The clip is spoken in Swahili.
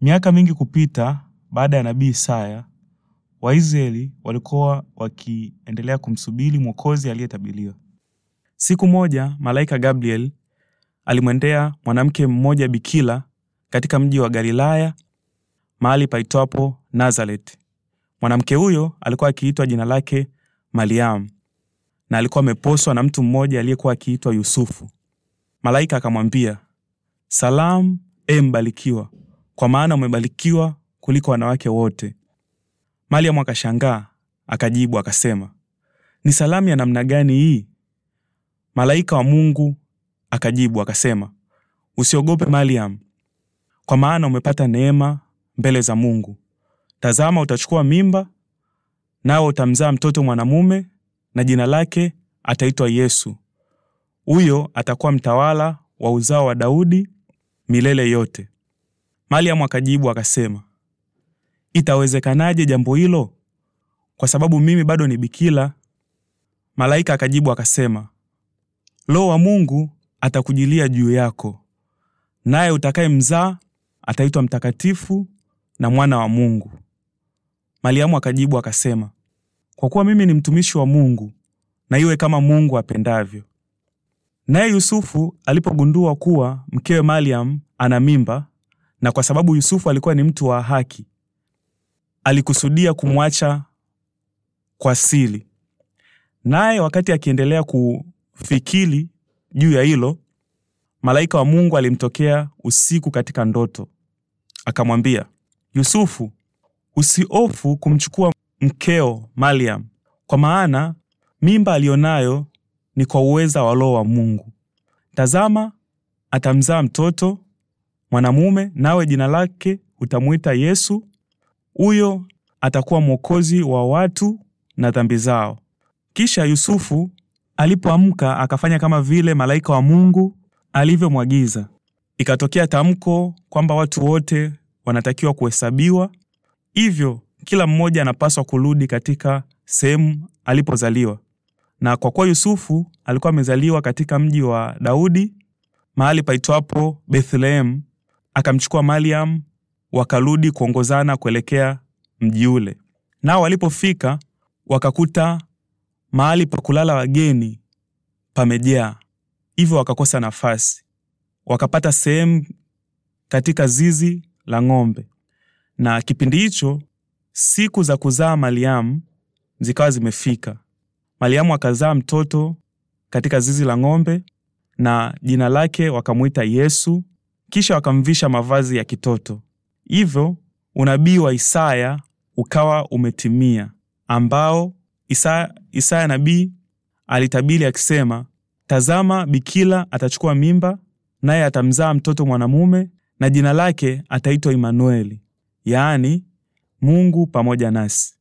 Miaka mingi kupita baada ya nabii Isaya, Waisraeli walikuwa wakiendelea kumsubiri mwokozi aliyetabiliwa Siku moja malaika Gabriel alimwendea mwanamke mmoja bikila katika mji wa Galilaya, mahali paitwapo Nazareti. Mwanamke huyo alikuwa akiitwa jina lake Mariamu na alikuwa ameposwa na mtu mmoja aliyekuwa akiitwa Yusufu. Malaika akamwambia, salamu, e mbarikiwa, kwa maana umebarikiwa kuliko wanawake wote. Mariam akashangaa, akajibu akasema, ni salamu ya namna gani hii? Malaika wa Mungu akajibu akasema, usiogope Mariam, kwa maana umepata neema mbele za Mungu. Tazama, utachukua mimba, nawe utamzaa mtoto mwanamume, na jina lake ataitwa Yesu. Huyo atakuwa mtawala wa uzao wa Daudi milele yote maliamu akajibu akasema, itawezekanaje jambo hilo, kwa sababu mimi bado ni bikira? Malaika akajibu akasema, Roho wa Mungu atakujilia juu yako, naye utakaye mzaa ataitwa mtakatifu na mwana wa Mungu. Mariamu akajibu akasema, kwa kuwa mimi ni mtumishi wa Mungu, na iwe kama Mungu apendavyo. Naye Yusufu alipogundua kuwa mkewe maliamu ana mimba, na kwa sababu Yusufu alikuwa ni mtu wa haki, alikusudia kumwacha kwa sili Naye wakati akiendelea kufikili juu ya hilo, malaika wa Mungu alimtokea usiku katika ndoto, akamwambia Yusufu, usiofu kumchukua mkeo Mariam, kwa maana mimba aliyonayo ni kwa uweza wa loo wa Mungu. Tazama, atamzaa mtoto mwanamume, nawe jina lake utamwita Yesu. Huyo atakuwa mwokozi wa watu na dhambi zao. Kisha Yusufu alipoamka akafanya kama vile malaika wa Mungu alivyomwagiza. Ikatokea tamko kwamba watu wote wanatakiwa kuhesabiwa, hivyo kila mmoja anapaswa kurudi katika sehemu alipozaliwa. Na kwa kuwa Yusufu alikuwa amezaliwa katika mji wa Daudi mahali paitwapo Bethlehem, akamchukua Mariam, wakarudi kuongozana kuelekea mji ule. Nao walipofika wakakuta mahali pa kulala wageni pamejaa, hivyo wakakosa nafasi. Wakapata sehemu katika zizi la ng'ombe, na kipindi hicho siku za kuzaa Mariamu zikawa zimefika. Mariamu akazaa mtoto katika zizi la ng'ombe, na jina lake wakamwita Yesu, kisha wakamvisha mavazi ya kitoto. Hivyo unabii wa Isaya ukawa umetimia, ambao Isaya, Isaya nabii alitabiri akisema, tazama, bikira atachukua mimba, naye atamzaa mtoto mwanamume, na jina lake ataitwa Imanueli, yaani Mungu pamoja nasi.